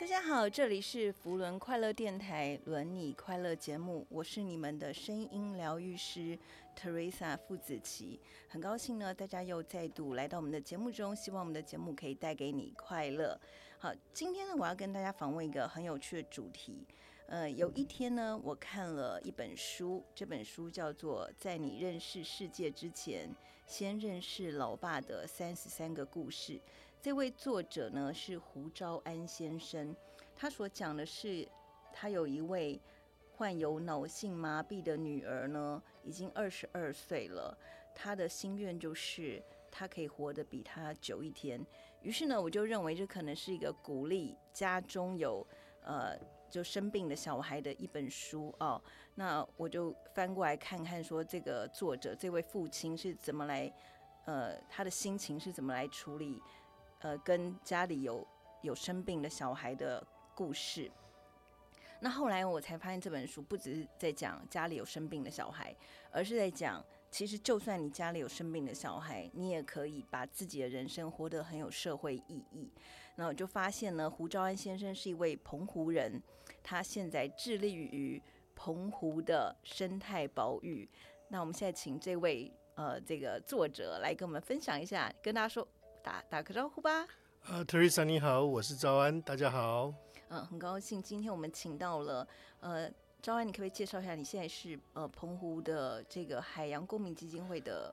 大家好，這裡是扶輪快樂電台“輪你快樂”節目，我是你們的聲音療癒師 Teresa 傅子綺，很高興呢，大家又再度來到我們的節目中，希望我們的節目可以帶給你快樂。好，今天呢，我要跟大家訪問一個很有趣的主題。呃，有一天呢，我看了一本書，這本書叫做《在你認識世界之前》。先認識老爸的三十三個故事，這位作者呢是胡昭安先生，他所講的是他有一位患有腦性麻痹的女兒呢，已經二十二歲了，他的心願就是他可以活得比他久一天，於是呢，我就認為這可能是一個鼓勵家中有呃。就生病的小孩的一本書哦，那我就翻過來看看，說這個作者這位父親是怎麼來，呃，他的心情是怎麼來處理，呃，跟家裡有有生病的小孩的故事。那後來我才發現，這本書不只是在講家裡有生病的小孩，而是在講，其實就算你家裡有生病的小孩，你也可以把自己的人生活得很有社會意義。那我就發現呢，胡昭安先生是一位澎湖人，他現在致力於澎湖的生態保育。那我們現在請這位呃這個作者來跟我們分享一下，跟大家說打打個招呼吧。呃，Teresa, 你好，我是昭安，大家好。嗯、啊，很高興今天我們請到了呃，昭安，你可不可以介紹一下你現在是呃澎湖的這個海洋公民基金會的。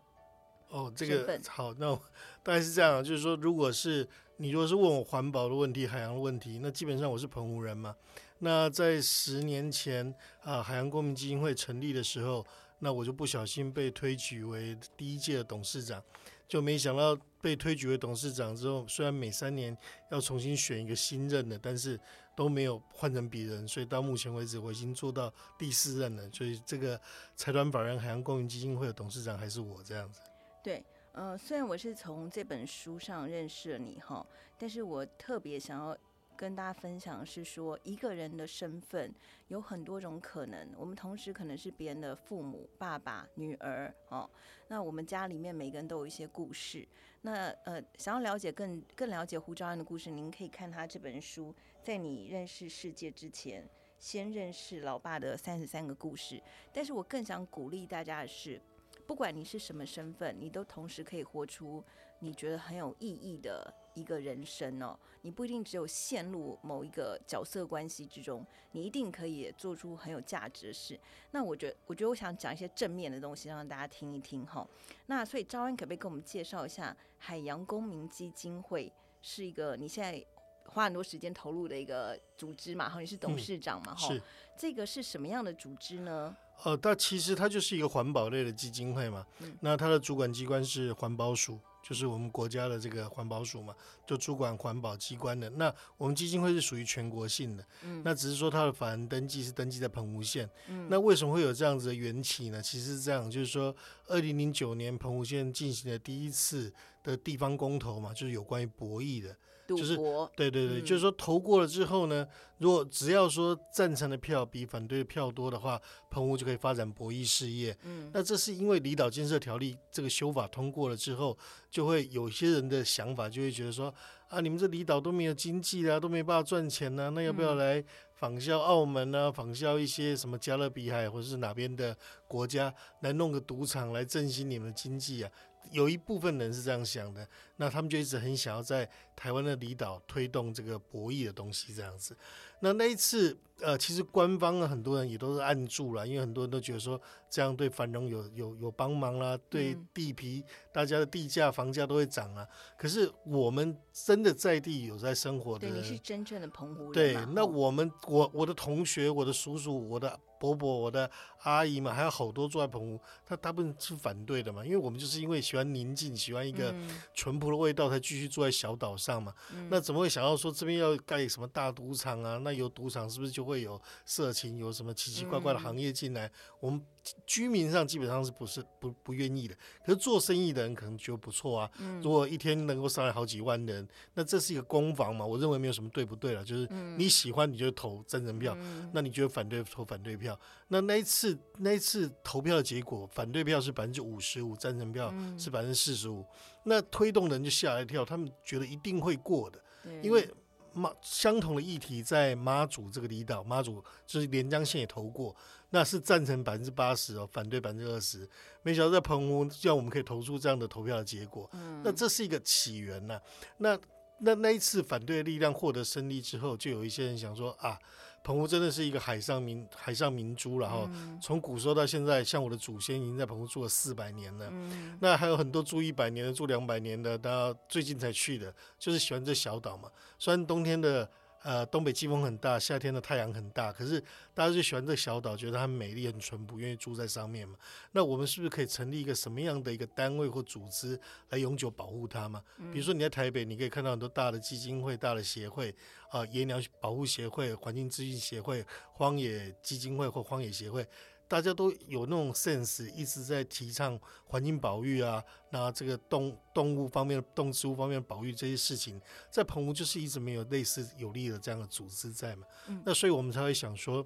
哦，這個身份好，那我大概是這樣，就是說，如果是你，如果是問我環保的問題、海洋的問題，那基本上我是澎湖人嘛。那在十年前啊，海洋公民基金會成立的時候，那我就不小心被推舉為第一屆的董事長，就沒想到被推舉為董事長之後，雖然每三年要重新選一個新任的，但是都沒有換成別人，所以到目前為止，我已經做到第四任了。所以這個財團法人海洋公民基金會的董事長還是我這樣子。對，呃，雖然我是從這本書上認識了你哈，但是我特別想要跟大家分享的是說，一個人的身份有很多種可能，我們同時可能是別人的父母、爸爸、女兒哦。那我們家裡面每個人都有一些故事。那呃，想要了解更更了解胡昭安的故事，您可以看他這本書。在你認識世界之前，先認識老爸的三十三個故事。但是我更想鼓勵大家的是。不管你是什麼身份，你都同時可以活出你覺得很有意義的一個人生哦。你不一定只有陷入某一個角色關係之中，你一定可以做出很有價值的事。那我覺，我覺得我想講一些正面的東西讓大家聽一聽哈、哦。那所以昭安可不可以給我們介紹一下海洋公民基金會是一個你現在？花很多時間投入的一個組織嘛，然後你是董事長嘛，嗯、吼是，這個是什麼樣的組織呢？呃，但其實它就是一個環保類的基金會嘛，嗯、那它的主管機關是環保署，就是我們國家的這個環保署嘛，就主管環保機關的。那我們基金會是屬於全國性的，嗯、那只是說它的法人登記是登記在澎湖縣。嗯、那為什麼會有這樣子的緣起呢？其實是這樣，就是說，二零零九年澎湖縣進行了第一次的地方公投嘛，就是有關於博弈的。就是，對對對，就是說投過了之後呢，嗯、如果只要說贊成的票比反對的票多的話，澎湖就可以發展博弈事業。嗯，那這是因為離島建設條例這個修法通過了之後，就會有些人的想法就會覺得說，啊，你們這離島都沒有經濟啊，都沒辦法賺錢呢、啊，那要不要來仿效澳門啊，仿效一些什麼加勒比海或者是哪邊的國家，來弄個賭場來振興你們的經濟啊？有一部分人是這樣想的，那他們就一直很想要在台灣的離島推動這個博弈的東西，這樣子。那那一次。呃，其實官方的很多人也都是按住了，因為很多人都覺得說這樣對繁榮有有有幫忙啦，嗯、對地皮，大家的地價、房價都會漲啊。可是我們真的在地有在生活的人，對你是真正的澎湖人嘛？對，那我們我我的同學、我的叔叔、我的伯伯、我的阿姨嘛，還有好多住在澎湖，他大部分是反對的嘛，因為我們就是因為喜歡寧靜、喜歡一個淳樸的味道，才繼續住在小島上嘛。嗯、那怎麼會想到說這邊要蓋什麼大賭場啊？那有賭場是不是就？會有色情，有什麼奇奇怪怪的行業進來？嗯、我們居民上基本上是不是，嗯、不不願意的？可是做生意的人可能覺得不錯啊。如果，嗯、一天能夠上來好幾萬人，那這是一個攻防嘛？我認為沒有什麼對不對了。就是你喜歡你就投贊成票，嗯、那你覺得反對投反對票。那那一次那一次投票的結果，反對票是百分之五十五，贊成票是百分之四十五。嗯、那推動人就嚇一跳，他們覺得一定會過的，嗯、因為。媽，相同的議題在媽祖這個離島，媽祖就是連江縣也投過，那是贊成百分之八十哦，反對百分之二十。沒想到在澎湖，叫我們可以投出這樣的投票的結果。嗯。那這是一個起源吶。啊。那那那一次反對力量獲得勝利之後，就有一些人想說啊。澎湖真的是一個海上明，海上明珠，然後從古時候到現在，像我的祖先已經在澎湖住了四百年了，嗯、那還有很多住一百年的、住兩百年的，到最近才去的，就是喜歡這小島嘛。雖然冬天的。呃，東北季風很大，夏天的太陽很大，可是大家就喜歡這個小島，覺得它美麗、很淳樸，願意住在上面嘛。那我們是不是可以成立一個什麼樣的一個單位或組織來永久保護它嘛？嗯、比如說你在台北，你可以看到很多大的基金會、大的協會啊、呃，野鳥保護協會、環境資訊協會、荒野基金會或荒野協會。大家都有那種 sense，一直在提倡環境保育啊，那這個動動物方面、動植物，物方面保育這些事情，在澎湖就是一直沒有類似有利的這樣的組織在嘛，嗯、那所以我們才會想說，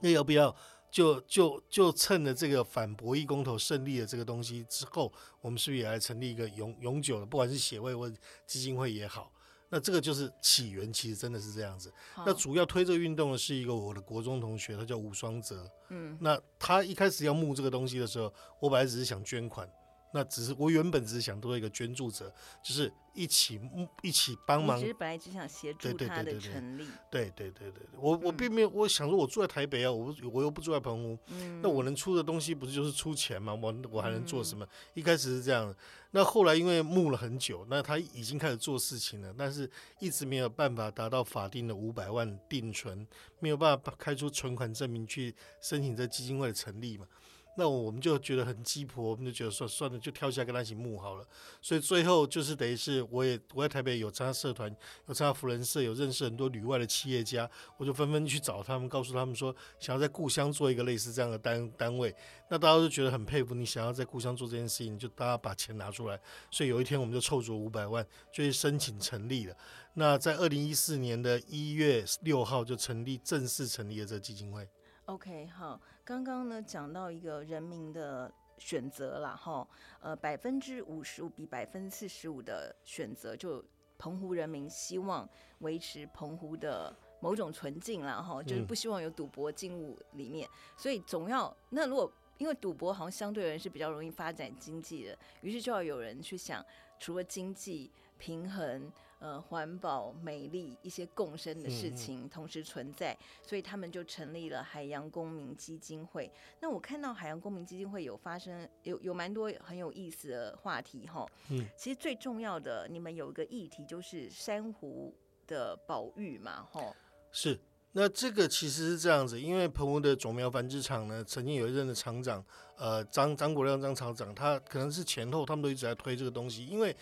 那要不要就就就，就趁着這個反博弈公投勝利的這個東西之後，我們是不是也來成立一個永永久的，不管是協會或者基金會也好？那這個就是起源，其實真的是這樣子。好那主要推這個運動的是一個我的國中同學，他叫吳雙澤。嗯，那他一開始要募這個東西的時候，我本來只是想捐款。那只是我原本只是想做一個捐助者，就是一起一起幫忙。其實本來只想協助他的成立，對對對對對。對對對對，我、嗯、我並沒有我想說，我住在台北啊，我我又不住在澎湖，嗯、那我能出的東西不是就是出錢嗎？我我還能做什麼？嗯、一開始是這樣的。那後來因為募了很久，那他已經開始做事情了，但是一直沒有辦法達到法定的五百萬定存，沒有辦法開出存款證明去申請這基金會的成立嘛。那我們就覺得很雞婆，我們就覺得算算了，就跳下來跟他一起募好了。所以最後就是等於是，我也我在台北有參加社團，有參加扶輪社，有認識很多旅外的企業家，我就紛紛去找他們，告訴他們說想要在故鄉做一個類似這樣的單單位。那大家都覺得很佩服，你想要在故鄉做這件事情，就大家把錢拿出來。所以有一天我們就湊足五百萬，就申請成立了。那在二零一四年的一月六號就成立，正式成立了這個基金會。OK，好，剛剛呢講到一個人民的選擇啦，吼，呃，百分之五十五比百分之四十五的選擇，就澎湖人民希望維持澎湖的某種純淨啦。吼，就是不希望有賭博進入裡面，嗯。所以總要，那如果因為賭博好像相對而言是比較容易發展經濟的，於是就要有人去想除了經濟平衡呃，環保、美麗一些共生的事情同時存在，嗯、所以他們就成立了海洋公民基金會。那我看到海洋公民基金會有發生有有蠻多很有意思的話題哈。嗯，其實最重要的，你們有一個議題就是珊瑚的保育嘛，哈。是，那這個其實是這樣子，因為澎湖的種苗繁殖場呢，曾經有一任的廠長，呃，張張國亮張廠長，他可能是前後他們都一直在推這個東西，因為。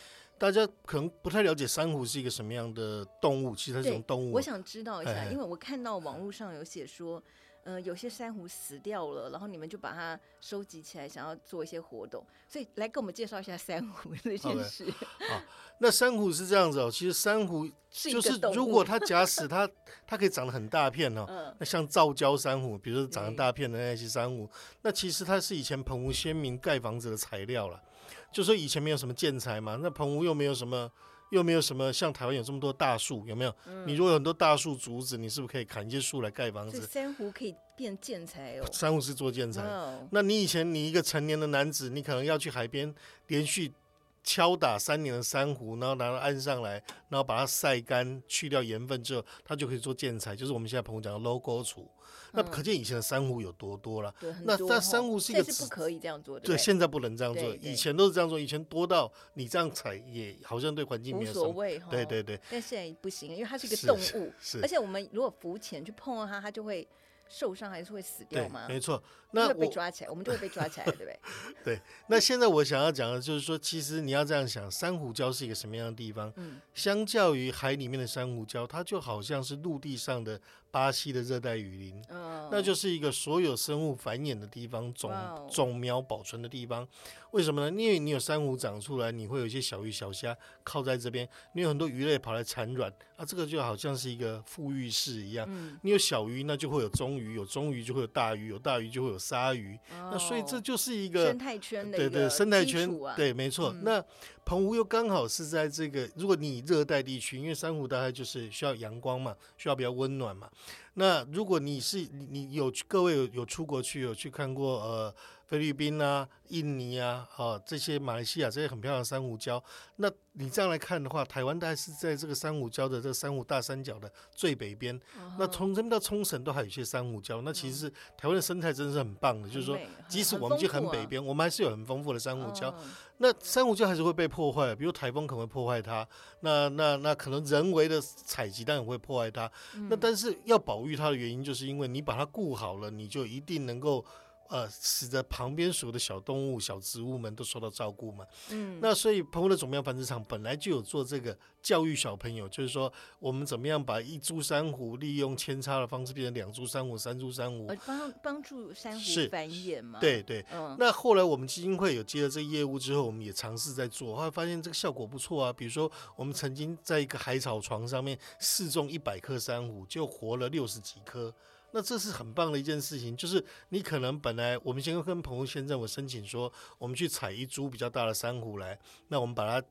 大家可能不太了解珊瑚是一個什麼樣的動物，其實它是一種動物。啊，我想知道一下，哎哎因為我看到網絡上有寫說，呃，有些珊瑚死掉了，然後你們就把它收集起來，想要做一些活動，所以來給我們介紹一下珊瑚這件事。好，那珊瑚是這樣子哦，其實珊瑚就是如果它假使，它它可以長得很大片哦，那、嗯、像造礁珊瑚，比如說長得大片的那些珊瑚，對那其實它是以前澎湖先民蓋房子的材料了。就是以前沒有什麼建材嘛，那澎湖又沒有什麼，又沒有什麼像台灣有這麼多大樹，有沒有？嗯、你如果有很多大樹、竹子，你是不是可以砍一些樹來蓋房子？珊瑚可以變建材哦。珊瑚是做建材。嗯、那你以前你一個成年的男子，你可能要去海邊連續。敲打三年的珊瑚，然後拿到岸上來，然後把它曬乾，去掉鹽分之後，它就可以做建材，就是我們現在朋友講的 logo 處。嗯，那可見以前的珊瑚有多多了。那，嗯，那珊瑚是一個現在是不可以這樣做的。對，現在不能這樣做，對對對，以前都是這樣做。以前多到你這樣踩，也好像對環境沒有無所謂，哦。對對對。但現在不行，因為它是一個動物，而且我們如果浮潛去碰到它，它就會受傷還是會死掉嗎？對沒錯。那會被抓起來，我們就會被抓起來，對不對？對。那現在我想要講的就是說，其實你要這樣想，珊瑚礁是一個什麼樣的地方？嗯、相較於海裡面的珊瑚礁，它就好像是陸地上的巴西的熱帶雨林。哦、那就是一個所有生物繁衍的地方，種、哦、種苗保存的地方。為什麼呢？因為你有珊瑚長出來，你會有一些小魚小蝦靠在這邊，你有很多魚類跑來產卵。啊，這個就好像是一個孵育室一樣。嗯、你有小魚，那就會有中魚；有中魚，就會有大魚；有大魚，就會有。鯊魚，那所以這就是一個生態圈的對對，對生態圈、啊、對，沒錯。嗯、那澎湖又剛好是在這個，如果你熱帶地區，因為珊瑚大概就是需要陽光嘛，需要比較溫暖嘛。那如果你是你有各位有有出國去有去看過呃。菲律賓啊，印尼啊，啊，這些馬來西亞這些很漂亮的珊瑚礁。那你這樣來看的話，台灣大概是在這個珊瑚礁的這個、珊瑚大三角的最北邊。Uh huh. 那從這邊到沖繩都還有一些珊瑚礁。那其實台灣的生態真的是很棒的，uh huh. 就是說，即使我們去很北邊，啊、我們還是有很豐富的珊瑚礁。Uh huh. 那珊瑚礁還是會被破壞，比如颱風可能會破壞它。那那那可能人為的採集當然會破壞它。Uh huh. 那但是要保育它的原因，就是因為你把它顧好了，你就一定能夠。呃，使得旁邊所有的小動物、小植物們都受到照顧嘛。嗯，那所以澎湖的種苗繁殖場本來就有做這個教育小朋友，就是說我們怎麼樣把一株珊瑚利用扦插的方式變成兩株珊瑚、三株珊瑚，幫幫、啊、助珊瑚繁衍嘛。對對。嗯，那後來我們基金會有接了這個業務之後，我們也嘗試在做，後來發現這個效果不錯啊。比如說，我們曾經在一個海草床上面試種一百顆珊瑚，就活了六十幾顆。那這是很棒的一件事情，就是你可能本來我們先跟澎湖先生，我申請說我們去採一株比較大的珊瑚來，那我們把它，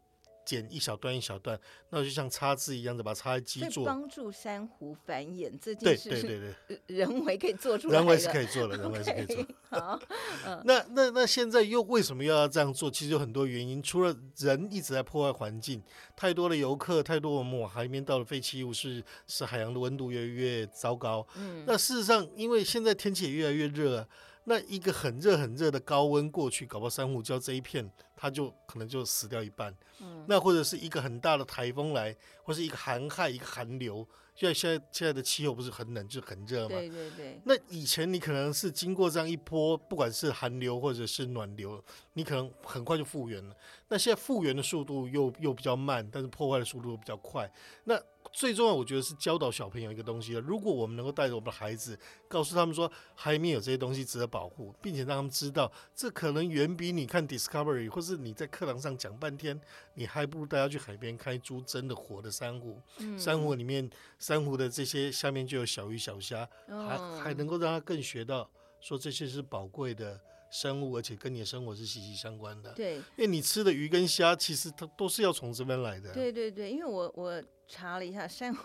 剪一小段一小段，那就像插枝一樣的把叉子，把它插在基座，幫助珊瑚繁衍這件事。對對對對，人為可以做出來對對對，人為是可以做的，人為是可以做。Okay, 好，嗯、那那那現在又為什麼又要這樣做？其實有很多原因，除了人一直在破壞環境，太多的遊客，太多的我們往海面倒的廢棄物是，是使海洋的溫度越來越糟糕。嗯，那事實上，因為現在天氣也越來越熱、啊。那一個很熱很熱的高溫過去，搞不好珊瑚礁這一片它就可能就死掉一半。嗯，那或者是一個很大的颱風來，或是一個寒害、一個寒流。現在，現在，現在的氣候不是很冷就很熱嘛？對對對。那以前你可能是經過這樣一波，不管是寒流或者是暖流，你可能很快就復原了。那現在復原的速度又又比較慢，但是破壞的速度又比較快。那最重要，我覺得是教導小朋友一個東西了。如果我們能夠帶着我們的孩子，告訴他們說，海面有這些東西值得保護，並且讓他們知道，這可能遠比你看 Discovery 或是你在課堂上講半天，你還不如帶他去海邊看一株真的活的珊瑚。嗯。珊瑚裡面。珊瑚的這些下面就有小魚小蝦，oh.，還還能夠讓他更學到說這些是寶貴的生物，而且跟你的生活是息息相關的。對，因為你吃的魚跟蝦，其實它都是要從這邊來的。對對對，因為我我查了一下珊瑚，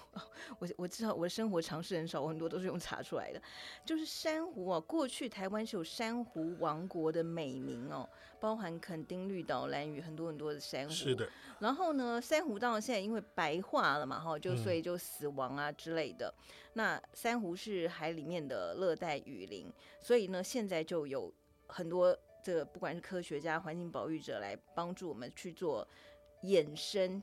我我知道我的生活常識很少，我很多都是用查出來的。就是珊瑚啊，過去台灣是有珊瑚王國的美名哦、喔，包含墾丁綠島蘭嶼很多很多的珊瑚。是的。然後呢，珊瑚到現在因為白化了嘛，哈，就所以就死亡啊之類的。嗯、那珊瑚是海裡面的熱帶雨林，所以呢，現在就有。很多這個不管是科學家、環境保育者來幫助我們去做衍生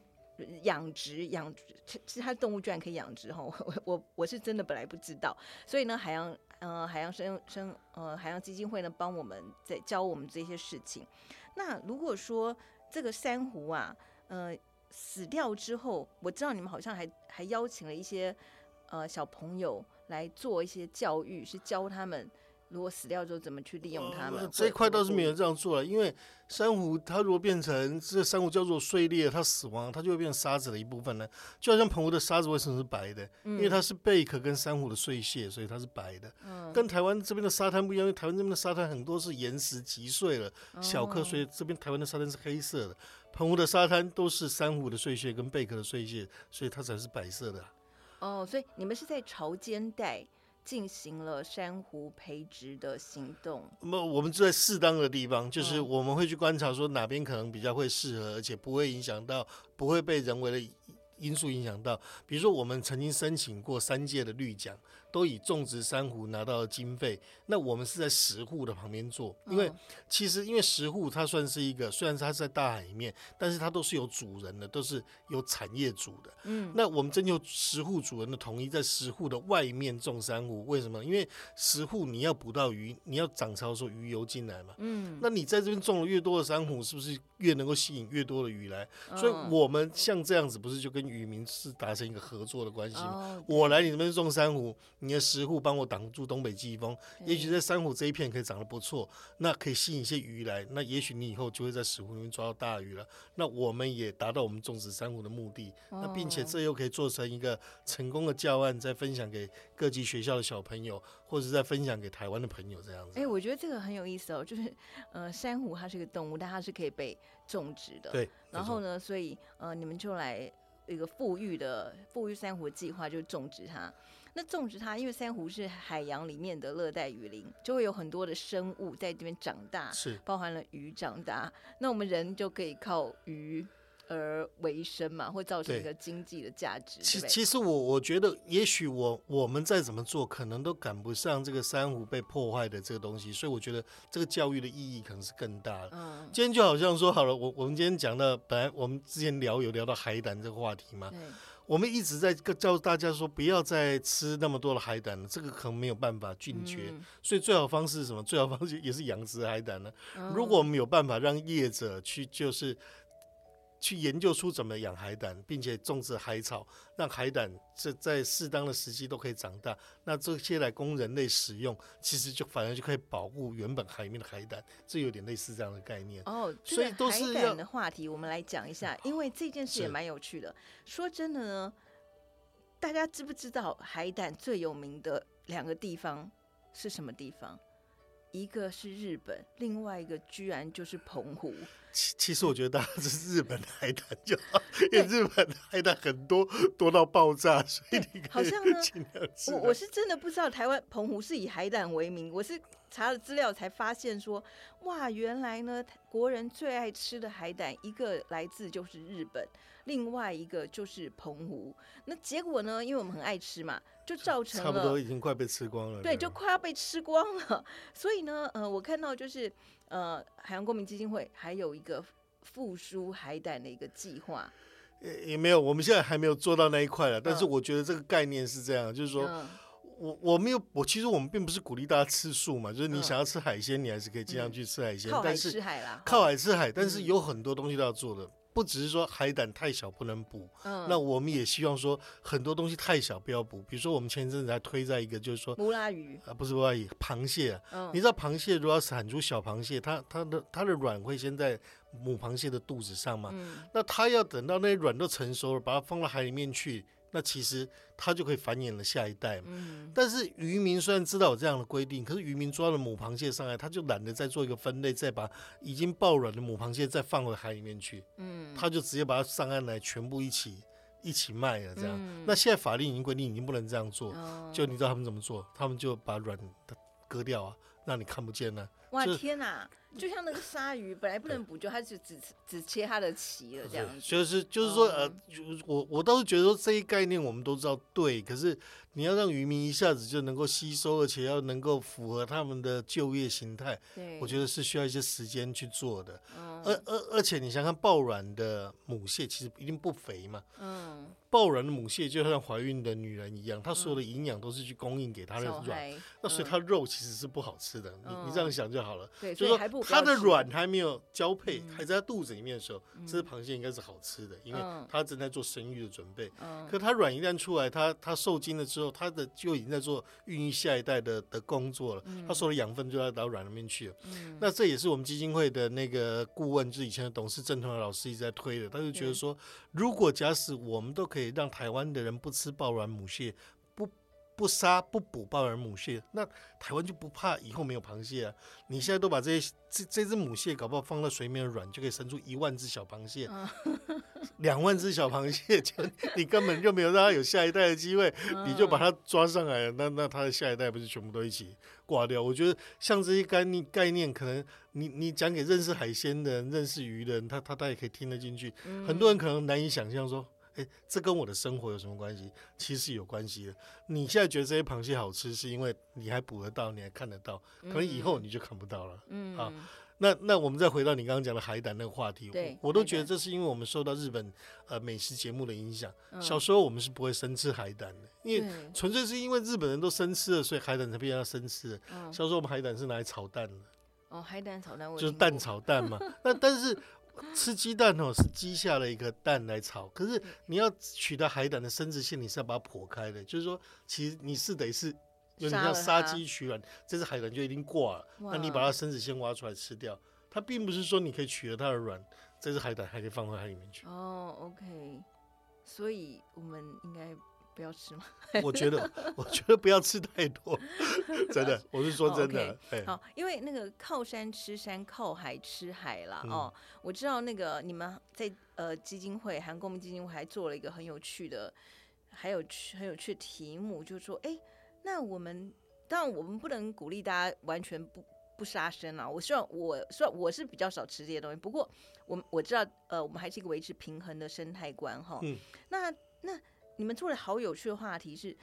養殖、養，其實他動物居然可以養殖哈，我我我是真的本來不知道，所以呢海洋呃海洋生生呃海洋基金會呢幫我們在教我們這些事情。那如果說這個珊瑚啊，呃死掉之後，我知道你們好像還還邀請了一些呃小朋友來做一些教育，是教他們。如果死掉之後怎麼去利用它們？嗯、這一塊倒是沒有這樣做了，因為珊瑚它如果變成這個、珊瑚叫做碎裂，它死亡，它就會變成沙子的一部分呢。就好像澎湖的沙子為什麼是白的？嗯、因為它是貝殼跟珊瑚的碎屑，所以它是白的。嗯、跟台灣這邊的沙灘不一樣，因為台灣這邊的沙灘很多是岩石擊碎了，哦、小顆，所以這邊台灣的沙灘是黑色的。澎湖的沙灘都是珊瑚的碎屑跟貝殼的碎屑，所以它才是白色的。哦，所以你們是在潮間帶進行了珊瑚培植的行動。那、嗯、我們在適當的地方，就是我們會去觀察，說哪邊可能比較會適合，而且不會影響到，不會被人為的因素影響到。比如說，我們曾經申請過三屆的綠獎。都以種植珊瑚拿到了經費，那我們是在石滬的旁邊做，因為其實因為石滬它算是一個，雖然它是在大海裡面，但是它都是有主人的，都是有產業主的。嗯，那我們徵求石滬主人的同意，在石滬的外面種珊瑚，為什麼？因為石滬你要捕到魚，你要漲潮的時候魚游進來嘛。嗯，那你在這邊種了越多的珊瑚，是不是越能夠吸引越多的魚來？所以我們像這樣子，不是就跟漁民是達成一個合作的關係嗎？哦，我來你那邊種珊瑚。你的石滬幫我擋住東北季風，對也許在珊瑚這一片可以長得不錯，那可以吸引一些魚來，那也許你以後就會在石滬裡面抓到大魚了。那我們也達到我們種植珊瑚的目的，哦、那並且這又可以做成一個成功的教案，再、嗯、分享給各級學校的小朋友，或者再分享給台灣的朋友這樣子。哎、欸，我覺得這個很有意思哦，就是呃，珊瑚它是一個動物，但它是可以被種植的。對，然後呢，錯所以呃，你們就來一個復育的復育珊瑚計劃，就種植它。那種植它，因為珊瑚是海洋裡面的熱帶雨林，就會有很多的生物在這邊長大，是包含了魚長大。那我們人就可以靠魚而為生嘛，會造成一個經濟的價值。其對吧其實我我覺得也我，也許我我們再怎麼做，可能都趕不上這個珊瑚被破壞的這個東西，所以我覺得這個教育的意義可能是更大的。嗯，今天就好像說好了，我我們今天講到本來我們之前聊有聊到海膽這個話題嘛，對。我們一直在教大家說，不要再吃那麼多的海膽了，這個可能沒有辦法拒絕，嗯、所以最好方式是什麼？最好方式也是養殖海膽呢。嗯、如果我們有辦法讓業者去，就是。去研究出怎麼養海膽，並且種植海草，讓海膽這在適當的時機都可以長大。那這些來供人類使用，其實就反而就可以保護原本海面的海膽。這有點類似這樣的概念。哦，oh, 所以都是海膽的話題，我們來講一下，因為這件事也蠻有趣的。是說真的呢，大家知不知道海膽最有名的兩個地方是什麼地方？一個是日本，另外一個居然就是澎湖。其其實我覺得這是日本的海膽就好，對因為日本的海膽很多，多到爆炸，所以你可以盡量吃。我我是真的不知道台灣澎湖是以海膽為名，我是。查了資料才發現說，說哇，原來呢，國人最愛吃的海膽，一個來自就是日本，另外一個就是澎湖。那結果呢，因為我們很愛吃嘛，就造成了差不多已經快被吃光了。對，樣就快要被吃光了。所以呢，呃，我看到就是呃，海洋公民基金會還有一個復甦海膽的一個計劃。也沒有，我們現在還沒有做到那一塊了。但是我覺得這個概念是這樣，嗯、就是說。嗯我我沒有，我其實我們並不是鼓勵大家吃素嘛，就是你想要吃海鮮，嗯、你還是可以經常去吃海鮮，嗯、但是靠海吃海啦。靠海吃海，哦、但是有很多東西都要做的，不只是說海膽太小不能補。嗯、那我們也希望說很多東西太小不要補，嗯、比如說我們前一陣子還推在一個就是說。烏拉魚。啊，不是烏拉魚，螃蟹、啊。嗯、你知道螃蟹如果要產出小螃蟹，它它的它的卵，會先在母螃蟹的肚子上嘛？嗯、那它要等到那些卵都成熟了，把它放到海裡面去。那其實它就可以繁衍了下一代嘛。但是漁民雖然知道有這樣的規定，可是漁民抓了母螃蟹上來，他就懶得再做一個分類，再把已經抱卵的母螃蟹再放回海裡面去。他就直接把它上岸來，全部一起一起賣了。這樣，那現在法律已經規定，已經不能這樣做。就你知道他們怎麼做？他們就把卵割掉啊，讓你看不見啊。哇天哪！就像那個鯊魚本來不能補救，他就只只切它的鰭了，這樣子。就是就是說，呃，我我倒是覺得說這一概念我們都知道對，可是你要讓漁民一下子就能夠吸收，而且要能夠符合他們的就業形態，對，我覺得是需要一些時間去做的。而而而且，你想看抱卵的母蟹，其實一定不肥嘛。嗯。抱卵的母蟹就像懷孕的女人一樣，她所有的營養都是去供應給她的卵，那所以它肉其實是不好吃的。你你這樣想就。好了，對，就是說它的卵還沒有交配，嗯、還在它肚子裡面的時候，這隻螃蟹應該是好吃的，嗯、因為它正在做生育的準備。嗯、可它卵，一旦出來，它它受精了之後，它的就已經在做孕育下一代的的工作了。它所有的養分就要到卵裡面去了。嗯、那這也是我們基金會的那個顧問，就是以前的董事鄭團老師一直在推的。他就覺得說，嗯、如果假使我們都可以讓台灣的人不吃抱卵母蟹，不殺不捕抱卵母蟹，那台灣就不怕以後沒有螃蟹啊？你現在都把這些這這隻母蟹，搞不好放到水裡面，的卵，就可以生出一萬只小螃蟹， 兩萬只小螃蟹，就你根本就沒有讓它有下一代的機會， 你就把它抓上來了，那那它的下一代不是全部都一起掛掉？我覺得像這些概念概念，可能你你講給認識海鮮的人、認識魚的人，他他他也可以聽得進去，很多人可能難以想象說。哎、欸，這跟我的生活有什麼關係？其實是有關係的。你現在覺得這些螃蟹好吃，是因為你還捕得到，你還看得到，可能以後你就看不到了。嗯，嗯，好、嗯嗯啊，那那我們再回到你剛剛講的海膽那個話題。對我，我都覺得這是因為我們受到日本呃美食節目的影響。膽小時候我們是不會生吃海膽的，嗯、因為純粹是因為日本人都生吃的，所以海膽才變成生吃的。嗯、小時候我們海膽是拿來炒蛋的。哦，海膽炒蛋我，就是蛋炒蛋嘛。 那但是。吃雞蛋哦，是雞下了一個蛋來炒。可是你要取得海膽的生殖腺，你是要把它剖開的。就是說，其實你是得是就是你像殺雞取卵，這只海膽就一定掛了。哇那你把它生殖腺挖出來吃掉，它並不是說你可以取得它的卵，這只海膽還可以放回海裡面去。哦，oh，OK，所以我們應該。不要吃嗎？我覺得，我覺得不要吃太多， 真的，我是說真的。Oh, okay. 欸、好，因為那個靠山吃山，靠海吃海啦、嗯、哦。我知道那個你們在呃基金會，海洋公民基金會，還做了一個很有趣的，還有很有趣的題目，就是說，哎、欸，那我們當然我們不能鼓勵大家完全不不殺生啊。我希望，我希望我是比較少吃這些東西。不過我們，我我知道，呃，我們還是一個維持平衡的生態觀哈、嗯。那那。你們做了好有趣的話題是？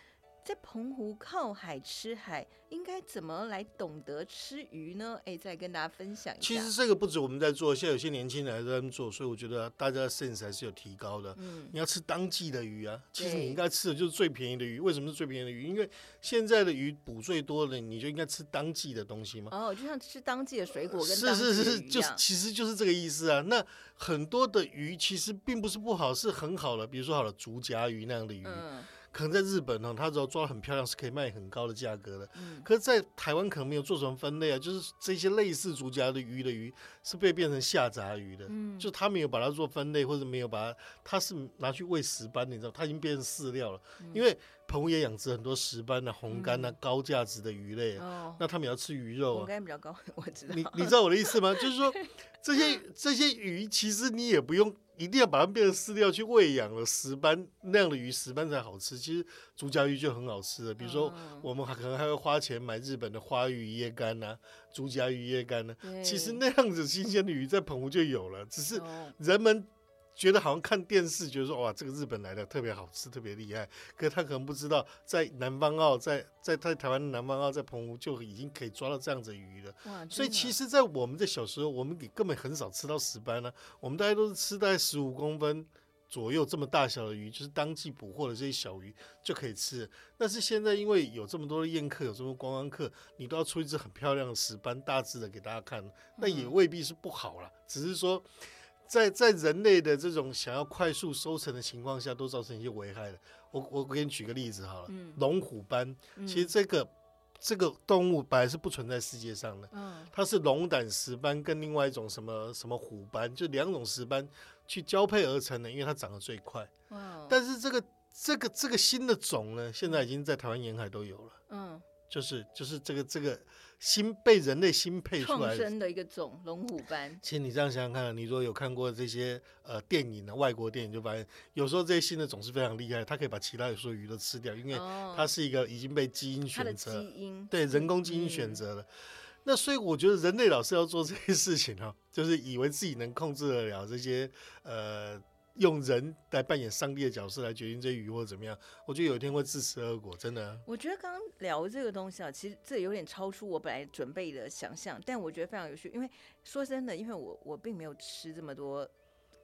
在澎湖靠海吃海，應該怎麼來懂得吃魚呢？哎、欸，再跟大家分享一下。其實這個不止我們在做，現在有些年輕人還在做，所以我覺得大家的 sense 還是有提高的。嗯，你要吃當季的魚啊。其實你應該吃的就是最便宜的魚。對為什麼是最便宜的魚？因為現在的魚捕最多的，你就應該吃當季的東西嗎？哦，就像吃當季的水果跟當季的魚一樣，呃、是是是，就是其實就是這個意思啊。那很多的魚其實並不是不好，是很好的。比如說好了，竹莢魚那樣的魚。嗯。可能在日本呢，它只要抓得很漂亮是可以賣很高的價格的。嗯、可是，在台灣可能沒有做什麼分類啊，就是這些類似竹筴的魚的魚，是被變成下雜魚的。嗯、就他沒有把它做分類，或者沒有把它，它是拿去餵石斑，你知道，它已經變成飼料了。嗯、因為澎湖也養殖很多石斑啊、紅甘啊、嗯、高價值的魚類，啊哦、那他們也要吃魚肉，啊、紅甘比較高，我知道。你你知道我的意思嗎？ 就是說，這些這些魚其實你也不用一定要把它變成飼料去餵養了。石斑那樣的魚，石斑才好吃。其實，竹筴魚就很好吃的，比如說、哦、我們可能還會花錢買日本的花魚夜干啊、竹筴魚夜干啊。嗯、其實那樣子新鮮的魚在澎湖就有了，嗯、只是人們。覺得好像看電視，覺得說哇，這個日本來的特別好吃，特別厲害。可是他可能不知道，在南方澳，在在在台灣南方澳在，在澎湖就已經可以抓到這樣子的魚了。的所以其實，在我們的小時候，我們也根本很少吃到石斑了、啊。我們大家都是吃大概十五公分左右這麼大小的魚，就是當季捕獲的這些小魚就可以吃。但是現在，因為有這麼多的宴客，有這麼多觀光客，你都要出一隻很漂亮的石斑，大致的給大家看，那也未必是不好啦。嗯、只是說。在在人類的這種想要快速收成的情況下，都造成一些危害的。我我給你舉個例子好了，龍虎斑，其實這個這個動物本來是不存在世界上的，它是龍膽石斑跟另外一種什麼什麼虎斑，就兩種石斑去交配而成的，因為它長得最快。但是這個這個這個新的種呢，現在已經在台灣沿海都有了。就是就是這個這個新被人類新配出來的，創生的一個種龍虎斑。其實你這樣想想看，你如果有看過這些呃電影呢，外國電影就發現，有時候這些新的種是非常厲害，它可以把其他所有時候的魚都吃掉，因為它是一個已經被基因選擇，哦、它的基因，對人工基因選擇的。嗯、那所以我覺得人類老是要做這些事情啊、哦，就是以為自己能控制得了這些呃。用人來扮演上帝的角色來決定這魚或怎麼樣，我覺得有一天會自食惡果，真的、啊。我覺得剛聊這個東西啊，其實這有點超出我本來準備的想象，但我覺得非常有趣。因為說真的，因為我我並沒有吃這麼多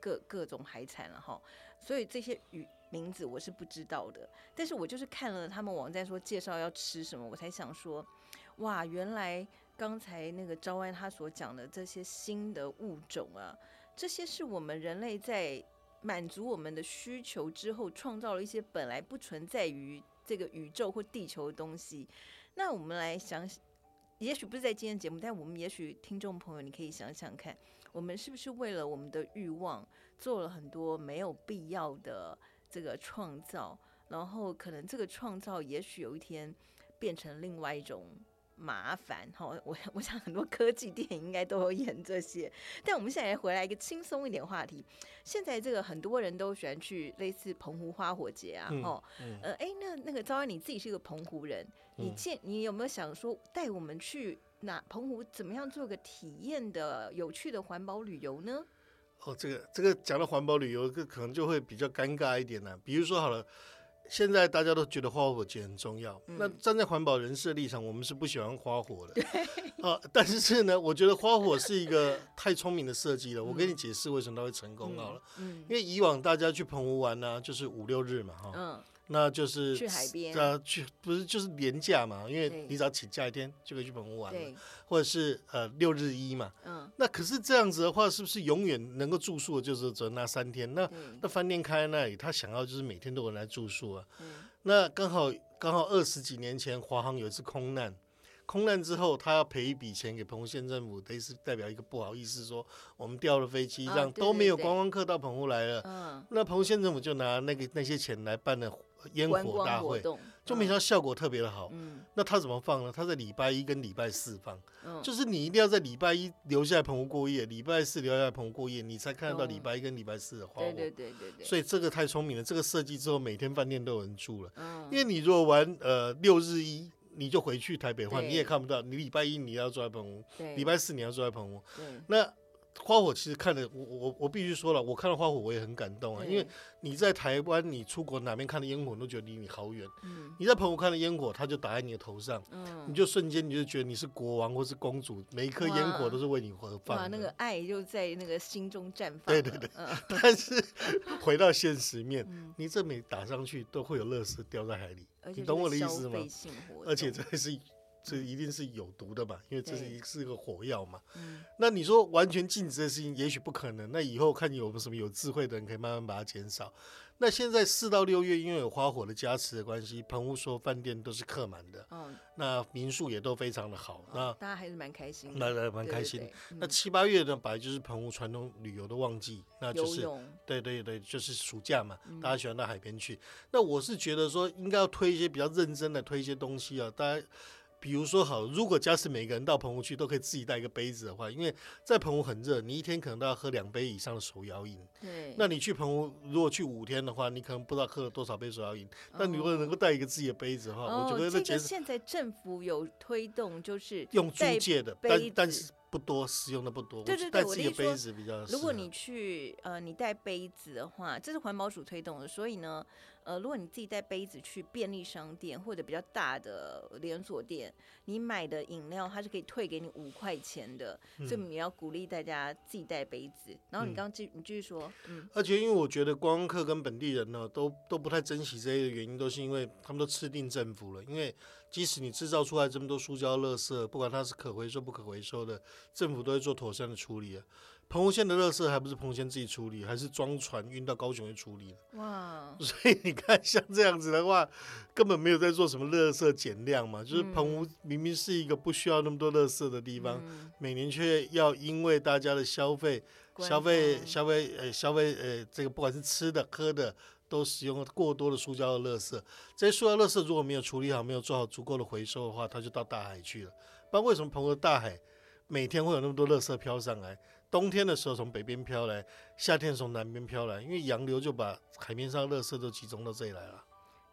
各各種海產了、啊、哈，所以這些魚名字我是不知道的。但是我就是看了他們網站說介紹要吃什麼，我才想說，哇，原來剛才那個昭安他所講的這些新的物種啊，這些是我們人類在滿足我們的需求之後，創造了一些本來不存在於這個宇宙或地球的東西。那我們來想，也許不是在今天節目，但我們也許聽眾朋友，你可以想想看，我們是不是為了我們的欲望做了很多沒有必要的這個創造？然後可能這個創造，也許有一天變成另外一種。麻煩哈、哦，我我想很多科技電影應該都有演這些，但我們現在回來一個輕鬆一點的話題。現在這個很多人都喜歡去類似澎湖花火節啊，嗯、哦，哎、嗯呃欸，那那個昭安你自己是個澎湖人，你見你有沒有想說帶我們去哪澎湖怎麼樣做個體驗的有趣的環保旅遊呢？哦，這個這個講到環保旅遊，這可能就會比較尷尬一點呢、啊。比如說好了。現在大家都覺得花火節很重要，嗯、那站在環保人士的立場，我們是不喜歡花火的。對呃、但是呢，我覺得花火是一個太聰明的設計了。嗯、我跟你解釋為什麼它會成功好了，嗯、因為以往大家去澎湖玩呢，就是五六日嘛，哈。嗯那就是去海邊，啊去不是就是年假嘛，因為你只要請假一天就可以去澎湖玩了，對或者是呃六日一嘛，嗯，那可是這樣子的話，是不是永遠能夠住宿的就是只有那三天？那對那飯店開在那裡，他想要就是每天都有人來住宿啊。嗯、那剛好剛好二十幾年前，華對航有一次空難，空難之後他要賠一筆錢給澎湖縣政府，等於是代表一個不好意思說我們掉了飛機，啊、這樣都沒有觀光客到澎湖來了。嗯，那澎湖縣政府就拿那個那些錢來辦了。煙火大會就沒想到效果特別的好，嗯、那他怎麼放呢？他在禮拜一跟禮拜四放，嗯、就是你一定要在禮拜一留下來澎湖過夜，禮拜四留下來澎湖過夜，你才看得到禮拜一跟禮拜四的花火，嗯、對對對對，對所以這個太聰明了，這個設計之後每天飯店都有人住了。嗯、因為你如果玩呃六日一，你就回去台北換，對你也看不到。你禮拜一你要住在澎湖，禮對拜四你要住在澎湖。對那。花火其實看的，我我我必須說了，我看到花火我也很感動啊，嗯、因為你在台灣，你出國哪邊看的煙火都覺得離你好遠，嗯、你在澎湖看的煙火它就打在你的頭上，嗯、你就瞬間你就覺得你是國王或是公主，每一顆煙火都是為你而放的哇。哇，那個愛就在那個心中綻放。對對對。嗯、但是回到現實面，嗯、你這每打上去都會有垃圾掉在海裡，你懂我的意思嗎？而且還是。這一定是有毒的嘛？因為這是一是個火藥嘛。對那你說完全禁止的事情，也許不可能。嗯、那以後看有沒有什麼有智慧的人，可以慢慢把它減少。那現在四到六月，因為有花火的加持的關係，澎湖所有飯店都是客滿的。嗯、那民宿也都非常的好、哦、那大家還是蠻開心的。那、嗯、蠻開心的。對對對嗯、那七八月呢，本來就是澎湖傳統旅遊的旺季，那就是泳對對對，就是暑假嘛，嗯、大家喜歡到海邊去。那我是覺得說，應該要推一些比較認真的推一些東西啊，大家。比如說好，如果假設每個人到澎湖去都可以自己帶一個杯子的話，因為在澎湖很熱，你一天可能都要喝兩杯以上的手搖飲。對，那你去澎湖如果去五天的話，你可能不知道喝了多少杯手搖飲。那你、哦、如果能夠帶一個自己的杯子的話，哦、我覺得那這個現在政府有推動，就是用租借的，但但是不多，使用的不多。對，對對，我帶自己的杯子比較。如果你去呃，你帶杯子的話，這是環保署推動的，所以呢。呃，如果你自己帶杯子去便利商店或者比較大的連鎖店，你買的飲料它是可以退給你五塊錢的，嗯、所以你要鼓勵大家自己帶杯子。然後你剛剛、嗯、你繼續說，嗯，而且因為我覺得光客跟本地人呢、啊，都都不太珍惜這些原因，都是因為他們都吃定政府了，因為即使你制造出來這麼多塑膠垃圾，不管它是可回收不可回收的，政府都會做妥善的處理啊。澎湖縣的垃圾還不是澎湖縣自己處理，還是裝船運到高雄去處理。哇 Wow！所以你看，像這樣子的話，根本沒有在做什麼垃圾減量嘛。就是澎湖明明是一個不需要那麼多垃圾的地方，嗯、每年卻要因為大家的消費、嗯、消費、欸、消費、呃、消費、呃，這個不管是吃的、喝的，都使用了過多的塑膠的垃圾。這些塑膠垃圾如果沒有處理好，沒有做好足夠的回收的話，它就到大海去了。不然為什麼澎湖的大海每天會有那麼多垃圾飄上來？冬天的時候從北邊飄來，夏天從南邊飄來，因為洋流就把海面上垃圾都集中到這裡來了。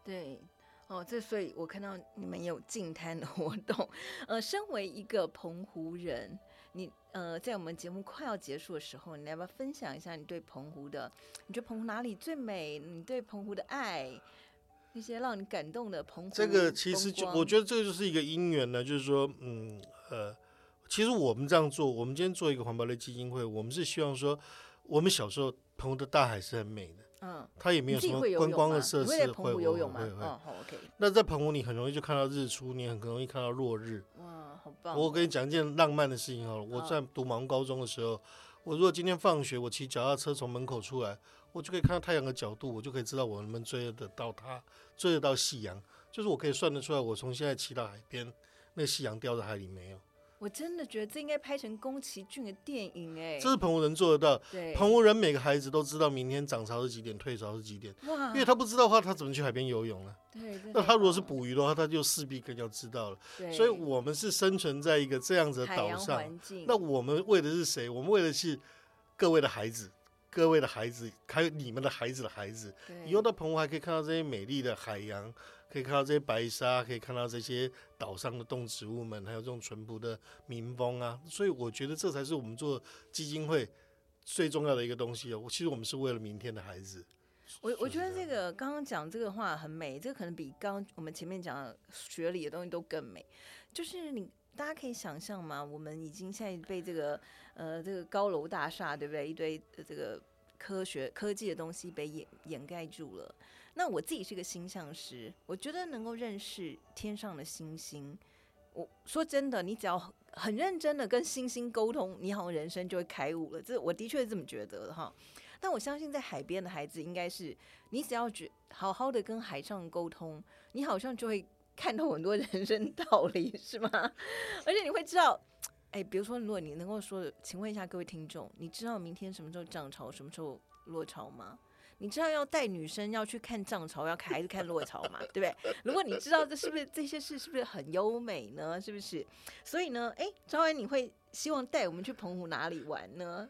對，哦，這所以我看到你們有淨灘的活動。呃，身為一個澎湖人，你呃，在我們節目快要結束的時候，你要不要分享一下你對澎湖的，你覺得澎湖哪裡最美？你對澎湖的愛，那些讓你感動的澎湖。這個其實就光我覺得這個就是一個因緣呢，就是說，嗯，呃。其實我們這樣做，我們今天做一個環保類基金會，我們是希望說，我們小時候澎湖的大海是很美的，嗯、它也沒有什麼觀光的設施，會有有會會。那在澎湖你很容易就看到日出，你很容易看到落日。哇，好棒！我跟你講一件浪漫的事情哦，我在讀盲高中的時候，嗯、我如果今天放學，我騎腳踏車從門口出來，我就可以看到太陽的角度，我就可以知道我們能不能追得到它，追得到夕陽，就是我可以算得出來，我從現在騎到海邊，那夕陽掉在海裡沒有。我真的覺得這應該拍成宮崎駿的電影哎、欸！這是澎湖人做得到。對，澎湖人每個孩子都知道明天漲潮是幾點，退潮是幾點。哇！因為他不知道的話，他怎麼去海邊游泳呢、啊？對。那他如果是捕魚的話，他就勢必更要知道了。對，所以我們是生存在一個這樣子的島上。海洋環境。那我們為的是誰？我們為的是各位的孩子，各位的孩子，還有你們的孩子的孩子。對，以後到澎湖還可以看到這些美麗的海洋。可以看到這些白沙，可以看到這些島上的動植物們，還有這種淳樸的民風啊，所以我覺得這才是我們做基金會最重要的一個東西哦。我其實我們是為了明天的孩子。我我覺得這個剛剛講這個話很美，這個可能比剛我們前面講的學理的東西都更美。就是你大家可以想象嘛，我們已經現在被這個呃這個高樓大廈，對不對？一堆這個科學科技的東西被掩掩蓋住了。那我自己是個星象師，我覺得能夠認識天上的星星，我說真的，你只要很認真的跟星星溝通，你好像人生就會開悟了。這我的確是這麼覺得的哈。但我相信在海邊的孩子應，應該是你只要覺好好的跟海上溝通，你好像就會看透很多人生道理，是嗎？而且你會知道，哎、欸，比如說，如果你能夠說，請問一下各位聽眾，你知道明天什麼時候漲潮，什麼時候落潮嗎？你知道要帶女生要去看漲潮，要還是看落潮嘛？對不對？如果你知道這是不是這些事，是不是很優美呢？是不是？所以呢，哎，昭安你會希望帶我們去澎湖哪裡玩呢？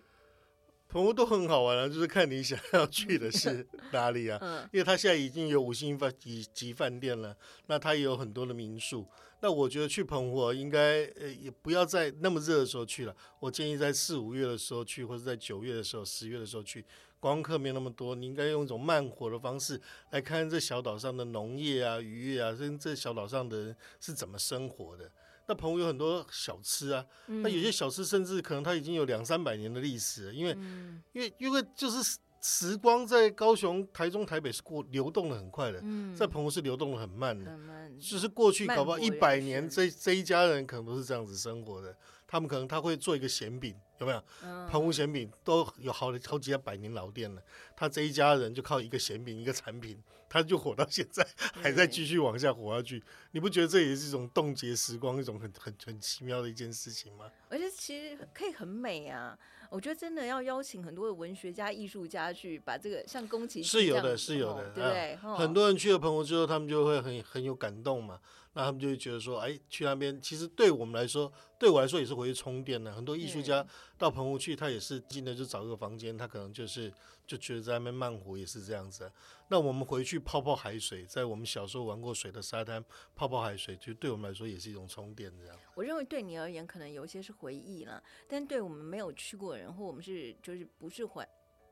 澎湖都很好玩啊。就是看你想要去的是哪裡啊。 嗯、因為他現在已經有五星飯級、級飯店了，那他也有很多的民宿。那我覺得去澎湖應該呃，也不要在那麼熱的時候去了。我建議在四五月的時候去，或者在九月的時候、十月的時候去。觀光客沒有那麼多，你應該用一種慢活的方式來看這小島上的農業啊、漁業啊，這這小島上的人是怎麼生活的。那澎湖有很多小吃啊，嗯、那有些小吃甚至可能它已經有兩三百年的歷史了，因為，嗯、因為，因為就是時光在高雄、台中、台北是過流動的很快的，嗯、在澎湖是流動的很慢的，慢就是過去搞不好一百年這一，這這一家人可能都是這樣子生活的。他們可能他會做一個鹹餅，有沒有？澎湖鹹餅都有好好幾家百年老店了。他這一家人就靠一個鹹餅、一個產品，他就火到現在，還在繼續往下火下去。你不覺得這也是一種凍結時光、一種很很很奇妙的一件事情嗎？而且其實可以很美啊！我覺得真的要邀請很多的文學家、藝術家去把這個，像宮崎駿是有的，是有的，對很多人去了澎湖之後，他們就會很很有感動嘛。那他們就會覺得說：“哎，去那邊，其實對我們來說，對我來說也是回去充電呢。”很多藝術家到澎湖去，他也是進來就找一個房間，他可能就是就覺得在那邊慢活也是這樣子。那我們回去泡泡海水，在我們小時候玩過水的沙灘。泡泡海水，就對我們來說也是一種充電。這樣，我認為對你而言，可能有一些是回憶了，但對我們沒有去過的人，或我們是就是不是懷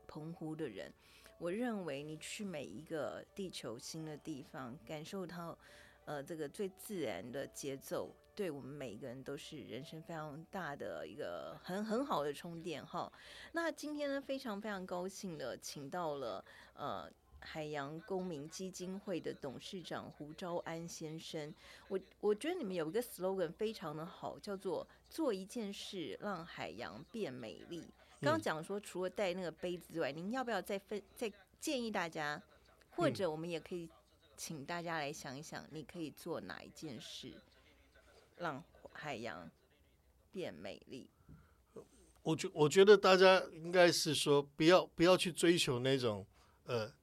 澎湖的人，我認為你去每一個地球新的地方，感受到呃這個最自然的節奏，對我們每一個人都是人生非常大的一個很很好的充電哈。那今天呢，非常非常高興的請到了呃。海洋公民基金會的董事長胡昭安先生，我我覺得你們有一個 slogan 非常的好，叫做“做一件事讓海洋變美麗”。剛剛講說，除了帶那個杯子之外，您要不要再分再建議大家，或者我們也可以請大家來想一想，你可以做哪一件事讓海洋變美麗？我覺我覺得大家應該是說，不要不要去追求那種呃。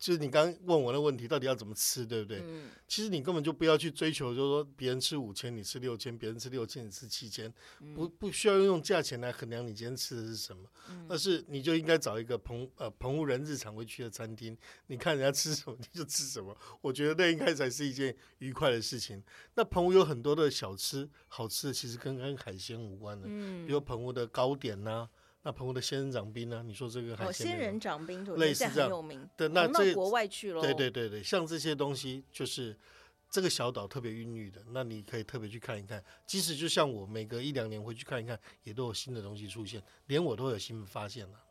就是你剛問我的問題，到底要怎麼吃，對不對？嗯、其實你根本就不要去追求，就是說別人吃五千，你吃六千；別人吃六千，你吃七千，嗯，不不需要用價錢來衡量你今天吃的是什麼。嗯、而是你就應該找一個澎呃澎湖人日常會去的餐廳，你看人家吃什麼，你就吃什麼。嗯、我覺得那應該才是一件愉快的事情。那澎湖有很多的小吃，好吃的其實跟跟海鮮無關的，嗯、比如澎湖的糕點吶、啊。那澎湖的仙人掌冰呢？你說這個是仙人掌冰，類似這樣、哦，很有名。對，那這國外去了。對對對對，像這些東西就是這個小島特別孕育的。那你可以特別去看一看，即使就像我每隔一兩年回去看一看，也都有新的東西出現，連我都有新發現了，啊。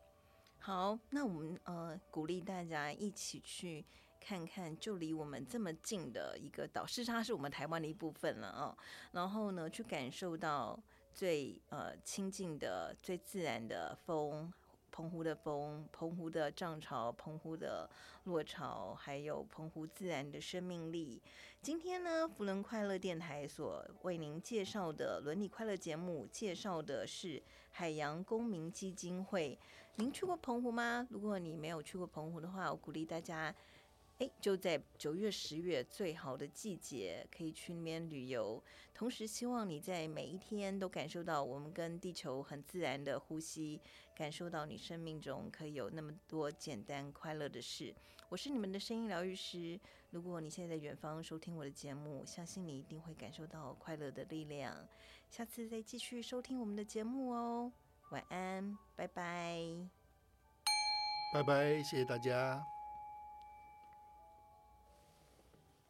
好，那我們呃鼓勵大家一起去看看，就離我們這麼近的一個島，是它是我們台灣的一部分了哦。然後呢，去感受到。最呃親近的、最自然的風，澎湖的風，澎湖的漲潮，澎湖的落潮，還有澎湖自然的生命力。今天呢，扶輪快樂電台所為您介紹的輪你快樂節目，介紹的是海洋公民基金會。您去過澎湖嗎？如果你沒有去過澎湖的話，我鼓勵大家。誒，就在九月、十月最好的季節，可以去那邊旅遊。同時，希望你在每一天都感受到我們跟地球很自然的呼吸，感受到你生命中可以有那麼多簡單快樂的事。我是你們的聲音療癒師。如果你現在在在遠方收聽我的節目，相信你一定會感受到快樂的力量。下次再繼續收聽我們的節目哦。晚安，拜拜。拜拜，謝謝大家。